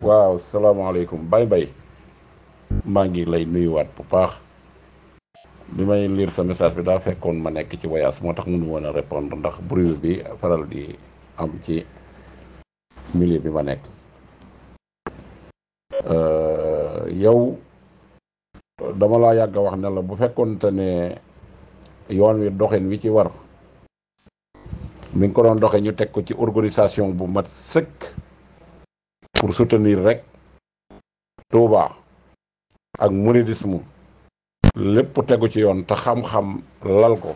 waaw salaamaaleykum bay bay maa ngi lay nuyuwaat bu baax bi may liir sa message bi daa fekkoon ma nekk ci voyage moo tax mënu woon a répondre ndax bruit bi faral di am ci milieu bi ma nekk euh, yow dama laa yàgg a wax ne bu fekkoon fekkoonte ne yoon wi doxin wi ci war mu ngi ko doon doxe ñu teg ko ci organisation bu mat sëkk pour soutenir rek Touba ak mouridisme lépp tegu ci yoon te xam-xam lal ko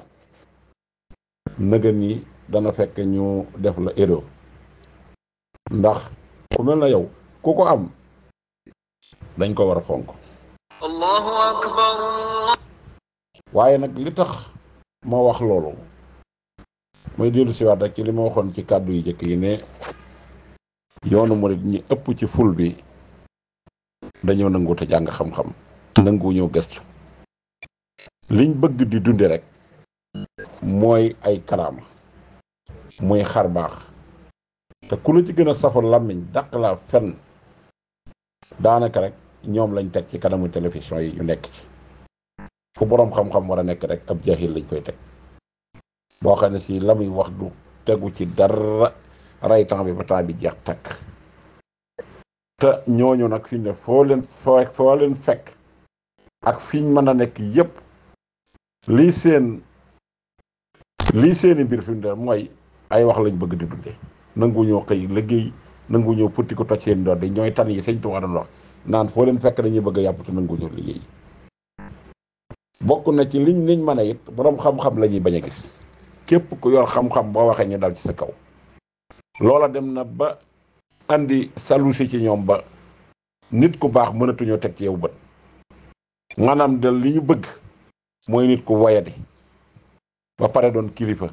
nëgën yi dana fekk ñu def la héros ndax ku mel na yow ku ko am dañ ko war a fonk waaye nag li tax ma wax loolu mooy dellu siwaat rek ci li ma waxoon ci kàddu yi jëkk yi ne yoonu murit ñi ëpp ci ful bi dañoo nanguwut jàng xam-xam nangu ñëw gëstu liñ bëgg di dunde rek mooy ay karaama muy xar baax te ku la ci gën a safo làmmiñ daq laa fenn daanaka rek ñoom lañ teg ci kanamu télévision yi yu nekk ci fu boroom xam-xam war a nekk rek ab jahil lañ koy teg boo xam ne si la muy wax du tegu ci dara rey bi ba temps bi jeex takk te ñooñu nag fi ñu ne foo leen foo foo leen fekk ak fiñ mën a nekk yépp lii seen lii seeni mbir fi mu ne mooy ay wax lañ bëgg di dundee nangu ñoo xëy liggéey nangu ñoo putti ko toj seen ndoor di ñooy tan yi sëñ Tuubaa doon wax naan foo leen fekk dañuy bëgg a yàpp te nangu ñoo liggéey bokk na ci liñ liñ mën a it boroom xam-xam la bañ a gis képp ku yor xam-xam boo waxee ñu dal ci sa kaw loola dem na ba andi salusi ci ñoom ba nit ku baax mënatuñoo teg ci yow bët maanaam de li ñu bëgg mooy nit ku woyadi ba pare doon kilifa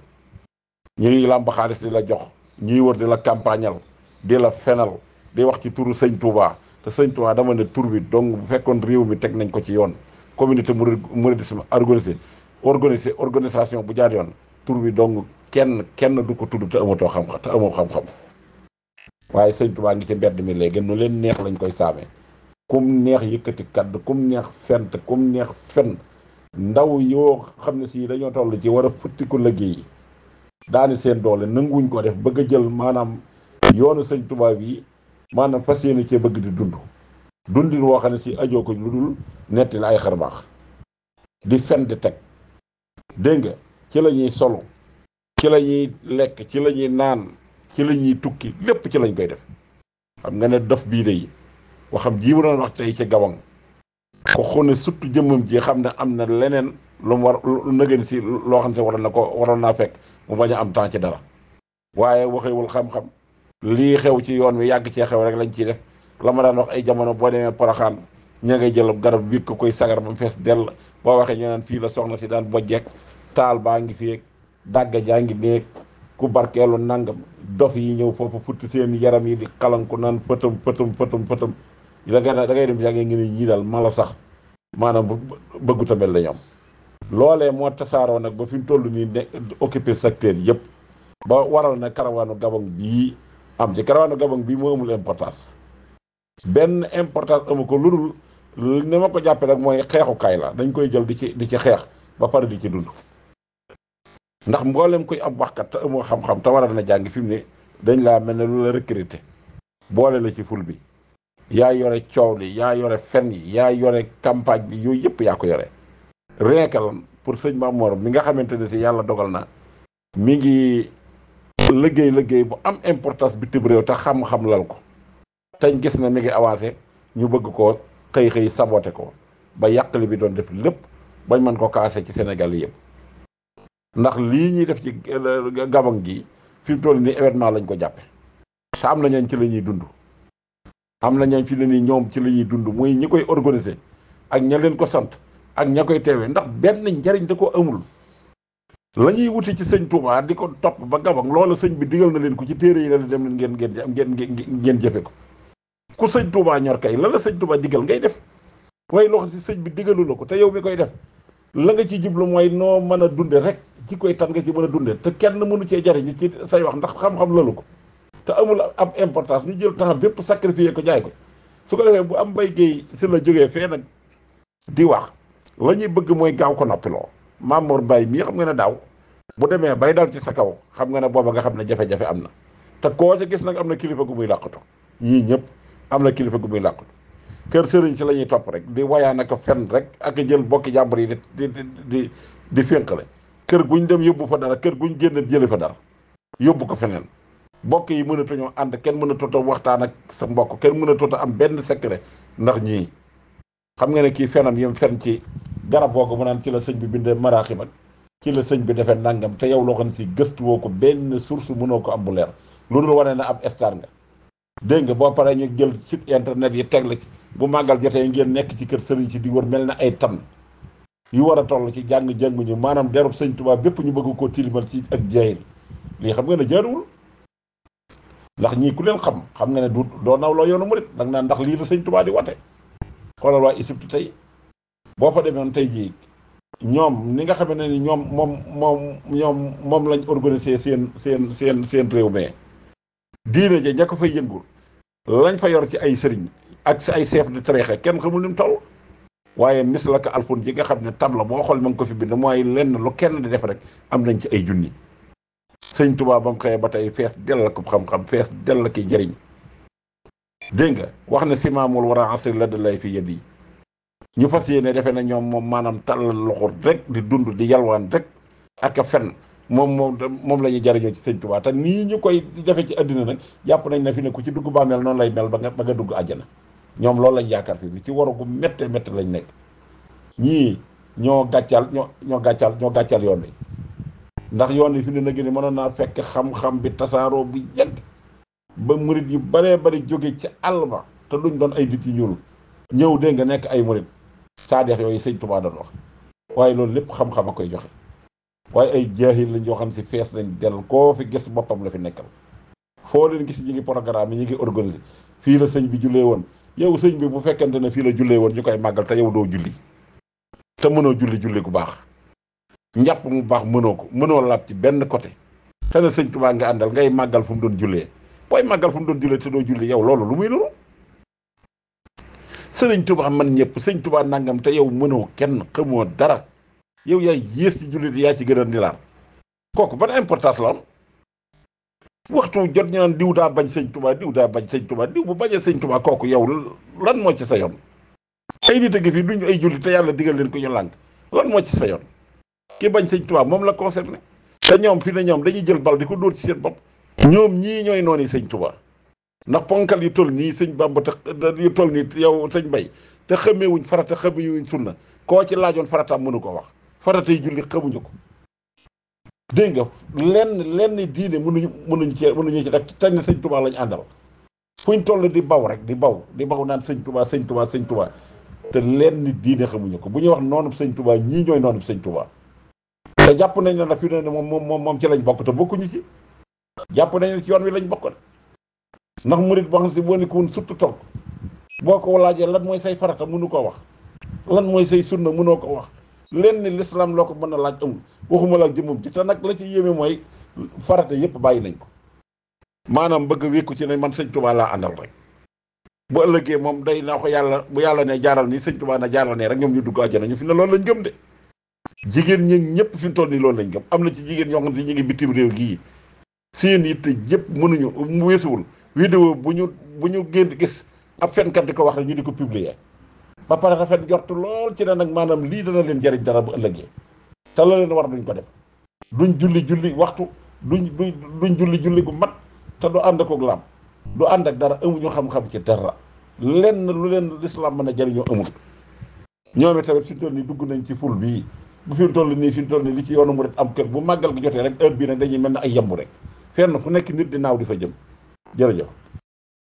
ñuy làmb xaalis di la jox ñuy wër di la campagnal di la fenal di wax ci turu sëñ Touba te sëñ Touba dama ne tur bi donc bu fekkoon réew mi teg nañ ko ci yoon communauté mouridisme organisé organisé organisation bu jaar yoon tur bi dong kenn kenn du ko tudd te amatoo xam-xam amoo xam waaye sëñ Tuubaa ngi ci mbedd mi léegi nu leen neex lañ koy saame kum neex yëkkati kaddu kum neex fent kum neex fen ndaw yoo xam ne si dañoo toll ci war a futtiku liggéey yi daani seen doole nanguwuñ ko def bëgg a jël maanaam yoonu sëñ Tuubaa bi maanaam fas yéene cee bëgg di dund dundin woo xam ne si ajoo ko lu dul netti la ay xarbaax di fen di teg dégg nga ci la ñuy solo ci la lekk ci la ñuy naan ci la ñuy tukki lépp ci lañ koy def xam nga ne dof bii day waxam ji mu doon wax tey ci gawang ko xone surtout jëmmam ji xam ne am na leneen lu mu war lu nëgën si loo xam ne waroon na ko waroon naa fekk mu bañ a am temps ci dara waaye waxewul xam-xam lii xew ci yoon wi yàgg cee xew rek lañ ciy def la ma daan wax ay jamono boo demee Poroxaan ña ngay jël garab wikk koy sagar ba mu fees dell boo waxee ñu naan fii la soxna si daan bojjeek taal baa ngi fi dàgga jaa ngi ku barkeelu nangam dof yi ñëw foofu futti seen yaram yi di xalanku naan fëtëm fëtëm fëtëm fëtëm da ngay da ngay dem jàng ngi ne ñii daal mala sax maanaam bëggu tamel la ñoom loolee moo tasaaroo nag ba fi mu toll nii ne occupé secteur yëpp ba waral na karawaanu gabon bii am ci karawaanu gabon bii moo amul importance benn importance amu ko lu dul ni ma ko jàppee rek mooy xeexukaay la dañ koy jël di ci di ci xeex ba pare di ci dund ndax mboolem koy ab waxkat te amoo xam-xam te waral na jàng fi mu ne dañ laa mel ne lu la recruter boole la ci ful bi yaa yore coow li yaa yore fen yi yaa yore campagne bi yooyu yëpp yaa ko yore rien pour sëñ Mamour mi nga xamante ne si yàlla dogal na mi ngi liggéey liggéey bu am importance bitim réew te xam-xam lal ko teñ gis na mi ngi avancé ñu bëgg ko xëy xëy saboté ko ba yàqali bi doon def lépp bañ mën ko kaase ci Sénégal yëpp ndax lii ñuy def ci eh, gabon gi fi mu toll nii événement lañ ko jàppe te am na ñooñ ci la ñuy dund am na ñooñ ci la ñuy ñoom ci la ñuy dund muy ñi koy organiser ak ña leen ko sant ak ña koy teewee ndax benn njariñ da ko amul la ñuy wuti ci sëñ Touba di ko topp ba gabon loola sëñ bi digal na leen ko ci téere yi la dem leen ngeen ngeen ngeen ngeen jëfe ko ku sëñ Touba ñor kay la la sëñ Touba digal ngay def waaye loo xam sëñ bi digalu la ko te yow mi koy def la nga ci jublu mooy noo mën a dunde rek ci koy tam nga ci mën a dundee te kenn mënu cee jariñu ci say wax ndax xam-xam loolu ko te amul ab importance ñu jël temps bépp sacrifier ko jaay ko su ko defee bu am bay géey si la jógee fee nag di wax la ñuy bëgg mooy gaaw ko noppiloo Mamour Mbaye mii xam nga ne daaw bu demee bay dal ci sa kaw xam nga ne booba nga xam ne jafe-jafe am na te koo ca gis nag am na kilifa gu muy làqatu ñii ñëpp am na kilifa gu muy làqatu kër sëriñ si la ñuy topp rek di wayaan ak fen rek ak jël bokki jàmbur yi di di di di fénqale kër guñ dem yóbbu fa dara kër guñ génn jële fa dara yóbbu ko feneen mbokk yi mën a toñoo ànd kenn mën a tota waxtaan ak sa mbokk kenn mën a tota am benn secret ndax ñii xam nga ne kii fenam yim fen ci garab boo ko mu naan ci la sëñ bi bindee maraaxim ak ci la sëñ bi defee nangam te yow loo xam ne si gëstuwoo ko benn source mënoo ko am bu leer lu la wane na ab star nga dégg nga boo paree ñu jël site internet yi teg la ci bu màggal jotee ngeen nekk ci kër sëriñ si di wër mel na ay tam yu war a toll ci jàng jànguñu maanaam derub sëñ Tuubaa bépp ñu bëgg koo tilimal ci ak jaayil lii xam nga ne jaaruwul ndax ñii ku leen xam xam nga ne du doo naw loo yoonu murit dag naan ndax lii la sëñ Tuubaa di wate xoolal waa Égypte tey boo fa demoon tey jii ñoom ni nga xam ne ni ñoom moom moom ñoom moom lañ organisé seen seen seen seen réew mais diine ja ña ko fay yëngul lañ fa yor ci ay sëriñ ak si ay chef de tariixa kenn xamul ni mu waaye miss mislaka alfun ji nga xam ne tam la boo xool ma ngi ko fi bind mooy lenn lu kenn di def rek am nañ ci ay junni sëñ tubaa ba mu xëyee ba tey fees dell ko xam-xam fees dell ki jëriñ dégg nga wax ne simaamul war a asri la da lay fi yët yi ñu fas yéene defe na ñoom moom maanaam tàllal loxo rek di dund di yalwaan rek ak a fen moom moom moom la ñuy jariñoo ci sëñ Tuubaa te nii ñu koy defe ci àddina nag jàpp nañ na fi ne ku ci dugg bàmmeel noonu lay mel ba nga ba nga dugg àjjana ñoom loolu lañ yaakaar fi ni ci waru gu métte métte lañ nekk ñii ñoo gàccal ñoo ñoo gàccal ñoo gàccal yoon wi ndax yoon wi fi ne na gën mënoon naa fekk xam-xam bi tasaaroo bi yàgg ba murit yu baree bari jóge ca àll te duñ doon ay nit yi ñuul ñëw dégg nga nekk ay murit saadeex yooyu sëñ Tuubaa doon waaye loolu lépp xam-xam a koy joxe waaye ay jaahil lañ yoo xam si fees nañ del koo fi gis boppam la fi nekkal foo leen gis ñu ngi programme yi ñu ngi organisé fii la sëñ bi jullee woon yow sëñ bi bu fekkente ne fii la jullee woon ñu koy màggal te yow doo julli te mënoo julli julli gu baax njàpp mu baax mënoo ko mënoo laab ci benn côté te ne sëñ Tuubaa nga àndal ngay màggal fu mu doon jullee booy màggal fu mu doon jullee te doo julli yow loolu lu muy nuru sëriñ Tuubaa man ñëpp sëñ Tuubaa nangam te yow mënoo kenn xamoo dara yow yaay yées ci jullit yaa ci gën a nilaar kooku ban importance la waxtu jot ñaan naan diw daa bañ sëñ Tuubaa diw daa bañ sëñ Tuubaa diw bu bañee sëñ Tuubaa kooku yow lan moo ci sa yoon ay nit a ngi fi duñu ay julli te yàlla digal leen ko ñu lànk lan moo ci sa yoon ki bañ sëñ Tuubaa moom la concerné te ñoom fi ne ñoom dañuy jël bal di ko dóor ci seen bopp ñoom ñii ñooy noonu sañ Tuubaa ndax ponkal yu toll nii sëñ Bàmba te yu toll nii yow sëñ Bay te xamee wuñ farata xamee wuñ sunna koo ci laajoon farataam mënu koo wax farata yi julli xamuñu ko dégg nga lenn lenn diine mënuñu mënuñu cee mënuñu ci rek tañ na sëñ tubaa lañ àndal fu ñu toll di baw rek di baw di baw naan sëñ Touba sëñ Touba sëñ Touba te lenn diine xamuñu ko bu ñuy wax noonu sëñ tubaa ñii ñooy noonu sëñ tubaa te jàpp nañ ne nag fi ne moom moom moom ci lañ bokk te ñu ci jàpp nañ ne ci yoon wi lañ bokk ndax murit boo xam si boo nekkoon surtout toog boo ko laajee lan mooy say farata mënu koo wax lan mooy say sunna mënoo ko wax. lenn l'islam loo ko mën a laaj amul waxuma la jëmmam ci te nag la ci yéeme mooy farata yépp bàyyi nañ ko maanaam bëgg wékku ci ne man sëñ Tuubaa laa àndal rek bu ëllëgee moom day na ko yàlla bu yàlla ne jaaral nii sëñ Tuubaa na jaaral ne rek ñoom ñu dugg àjjana ñu fi ne lool lañ gëm de jigéen ñi ñëpp fi mu toll nii loolu lañ gëm am na ci jigéen ñoo xam ñu ngi bitim réew gii seen it yëpp mënuñu mu weesuwul vidéo bu ñu bu ñu génn gis ab di ko wax rek ñu di ko publier ba pare rafet jortu lool ci ne nag maanaam lii dana leen jëriñ dara bu ëllëgee te la leen war duñ ko def duñ julli julli waxtu duñ duñ julli julli gu mat te du ànd akook laam du ànd ak dara amuñu xam-xam ci dara lenn lu leen lislaam ma a jariñoo amul ñoom tamit fi ñu toll nii dugg nañ ci ful bii bu fi ñu toll nii fi ñu toll nii li ci yoonu murit am kër bu màggal gi jotee rek heure bii nag dañuy mel ne ay yambu rek fenn fu nekk nit di naaw di fa jëm jërëjëf